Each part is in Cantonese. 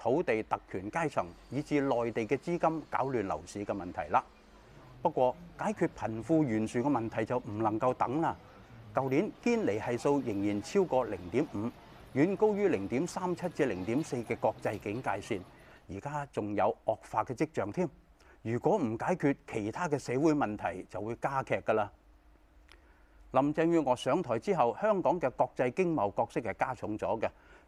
土地特權階層以至內地嘅資金搞亂樓市嘅問題啦。不過解決貧富懸殊嘅問題就唔能夠等啦。舊年堅尼係數仍然超過零點五，遠高於零點三七至零點四嘅國際警戒線，而家仲有惡化嘅跡象添。如果唔解決其他嘅社會問題，就會加劇噶啦。林鄭月娥上台之後，香港嘅國際經貿角色係加重咗嘅。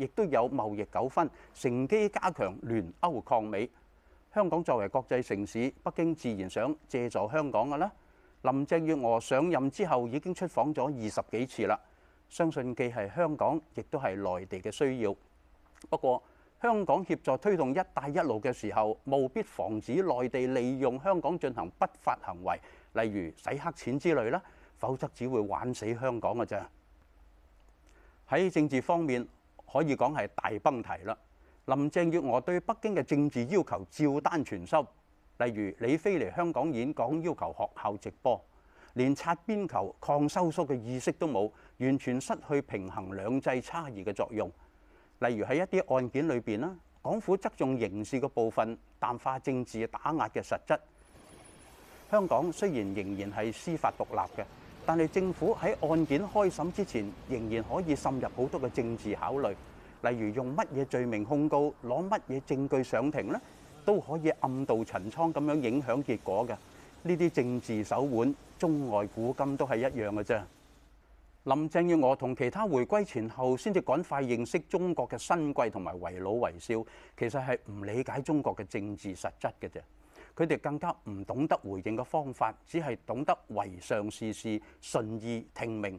亦都有貿易糾紛，乘機加強聯歐抗美。香港作為國際城市，北京自然想借助香港嘅啦。林鄭月娥上任之後已經出訪咗二十幾次啦，相信既係香港，亦都係內地嘅需要。不過，香港協助推動一帶一路嘅時候，務必防止內地利用香港進行不法行為，例如洗黑錢之類啦，否則只會玩死香港嘅咋。喺政治方面，可以講係大崩堤啦！林鄭月娥對北京嘅政治要求照單全收，例如李飛嚟香港演講要求學校直播，連擦邊球抗收縮嘅意識都冇，完全失去平衡兩制差異嘅作用。例如喺一啲案件裏面，啦，港府側重刑事嘅部分，淡化政治打壓嘅實質。香港雖然仍然係司法獨立嘅。但係政府喺案件開審之前，仍然可以滲入好多嘅政治考慮，例如用乜嘢罪名控告，攞乜嘢證據上庭咧，都可以暗度陳倉咁樣影響結果嘅。呢啲政治手腕，中外古今都係一樣嘅啫。林鄭月娥同其他回歸前後先至趕快認識中國嘅新貴同埋為老為少，其實係唔理解中國嘅政治實質嘅啫。佢哋更加唔懂得回應嘅方法，只係懂得唯上是事、順意聽命。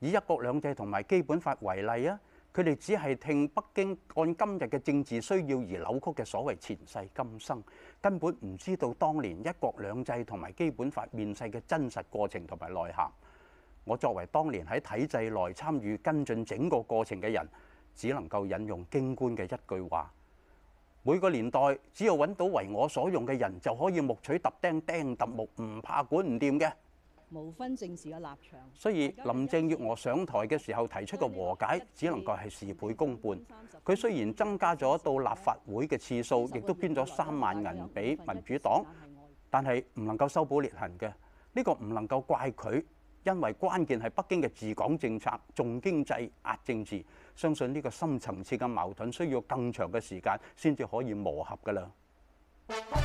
以一國兩制同埋基本法為例啊，佢哋只係聽北京按今日嘅政治需要而扭曲嘅所謂前世今生，根本唔知道當年一國兩制同埋基本法面世嘅真實過程同埋內涵。我作為當年喺體制內參與跟進整個過程嘅人，只能夠引用京官嘅一句話。每個年代，只要揾到為我所用嘅人，就可以目取揼釘釘揼木，唔怕管唔掂嘅。無分政治嘅立場。所以林鄭月娥上台嘅時候提出嘅和解，只能夠係事倍功半。佢雖然增加咗到立法會嘅次數，亦都捐咗三萬銀俾民主黨，但係唔能夠修補裂痕嘅。呢個唔能夠怪佢。因為關鍵係北京嘅治港政策，重經濟、壓政治，相信呢個深層次嘅矛盾需要更長嘅時間先至可以磨合㗎喇。